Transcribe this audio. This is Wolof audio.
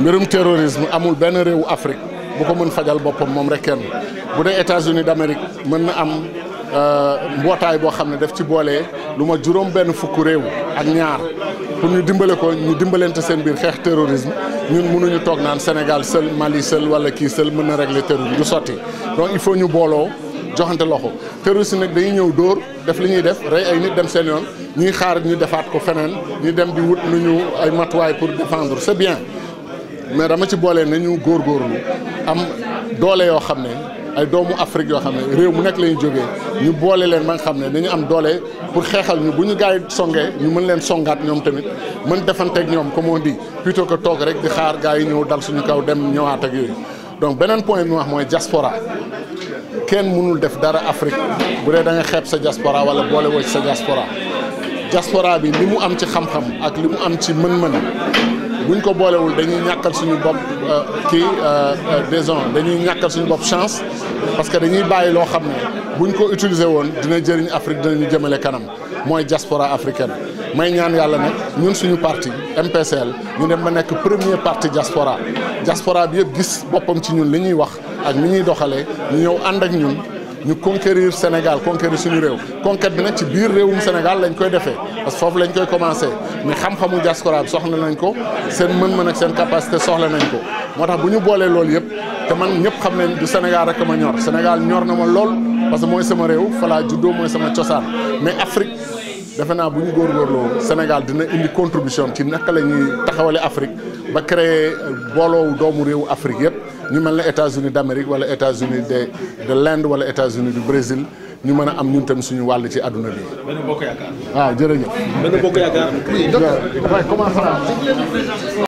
le terrorisme amul ben ou Afrique bu ko mën fajal rek bu États-Unis d'Amérique mën na am euh Nous ne daf ci bolé luma ben ak ñaar pour ñu ko Sénégal seul Mali seul wala seul mën terrorisme donc il faut ñu nous joxante loxo terrorisme nak dañuy ñew def li def ay nit dem seen yoon ñuy xaar ñu defaat ko ñu dem di wut ay pour défendre c'est bien mais dama ci boolee nañu góorgóorlu am doole yoo xam ne ay doomu Afrique yoo xam ne réew mu nekk la jóge ñu boole leen ma nga xam ne dañu am doole pour xeexal ñu bu ñu gars yi songee ñu mën leen songaat ñoom tamit mën defanteeg ñoom comme on dit plutôt que toog rek di xaar gars yi ñëw dal suñu kaw dem ñëwaat ak yooyu. donc beneen point bi ma wax mooy diaspora kenn mënul def dara Afrique bu dee da nga xeeb sa jaspora wala boole woo ci sa diaspora jaspora bi mu am ci xam ak li mu am ci mën-mën. buñ ko boolewul dañuy ñàkkal suñu bopp euh, kii euh, euh, disons dañuy ñàkkal suñu bopp chance parce que dañuy bàyyi loo xam ne buñ ko utiliser woon dina jëriñ Afrique ñu jëmale kanam mooy diaspora africaine may ñaan yàlla nag ñun suñu parti MPCL ñu dem ba nekk premier parti diaspora diaspora bi yëpp gis boppam ci ñun li ñuy wax ak ni ñuy doxalee ñu ñëw ànd ak ñun ñu conquérir Sénégal conquérir suñu réew conquête bi nag ci biir réewum Sénégal lañ koy defee parce que foofu lañ koy commencé mais xam-xamu diaspora bi soxla nañ ko seen mën-mën capacité soxla nañ ko moo tax bu ñu boolee loolu yëpp te man ñëpp xam nañ du Sénégal rek ma ñor Sénégal ñor na ma lool parce que mooy sama réew falaa juddoo mooy sama cosaan mais Afrique defe naa gor ñu góorgóorloo Sénégal dina indi contribution ci naka la ñuy taxawale Afrique ba créer booloowu doomu réewu Afrique yëpp ñu mel ne États-Unis d'Amérique wala États-Unis de de l'Inde wala États-Unis du Brésil ñu mën a am ñun tam suñu wàll ci àdduna bi. benn waaw ah, jërëjëf.